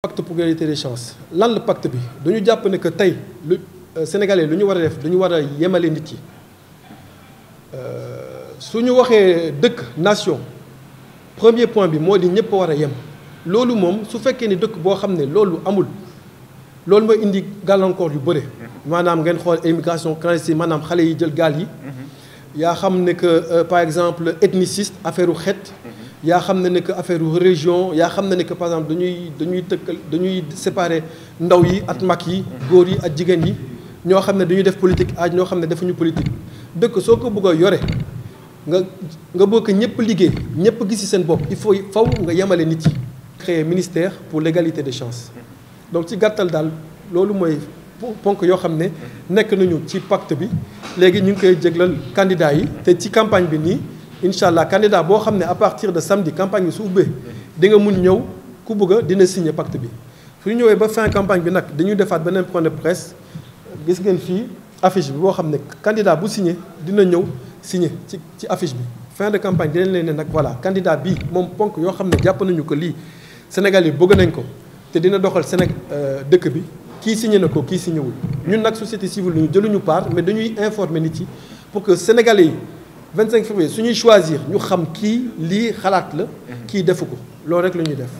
pacte pour l'égalité des lan la pacte bi dañu jàpp ne que tey lu euh, sénégalais lu ñu war a def dañu war a yemale nit yi euh, su ñu waxee dëkk nation premier point bi moo di ñëpp war a yem loolu moom su fekkee ni dëkk boo xam ne loolu amul loolu mooy indi gàllankoor yu bëre. maanaam ngeen xool immigration clandestine maanaam xale yi jël gaal yi. Mhm. yaa xam ne que euh, par exemple ethniciste affaire u xeet. Mhm. yaa xam ne ne que affaire région yaa xam ne ne que par exemple dañuy dañuy tëkkal dañuy séparer ndaw yi ak mag yi góor yi ak jigéen yi ñoo xam ne dañuy def politique ak ñoo xam ne defuñu politique dëkk soo ko bëgg a yore nga nga bëgg ñëpp liggéey ñëpp gis seen bopp il faut faw nga yemale nit yi créer ministère pour l'égalité de chance donc ci gàttal daal loolu mooy ponk yoo xam ne nekk nañu ci pacte bi léegi ñu ngi koy jéglal candidat yi te ci campagne bi nii incha allah candidat boo xam ne à partir de samedi campagne bi su ubbee di nga mun ñëw ku bëgg a dina signer pacte bi su ñu ñëwee ba fin campagne bi nag dañuy defaat beneen point de gis ngeen fii affiche bi boo xam ne candidat bu signe dina ñëw signé ci ci affiche bi fin de campagne dinañ leen ne nag voilà candidat bi moom ponk yoo xam ne jàpp nañu ko lii Sénégal yi bëgg nañ ko te dina doxal Sénégal euh, dëkk bi kii signé na ko kii signé wul ñun nag société civile ñu jëluñu part mais dañuy informer nit yi pour que sénégalais 25 février su ñuy choisir ñu xam kii lii xalaat la. Mhm. kii defu ko loolu rek la ñuy def.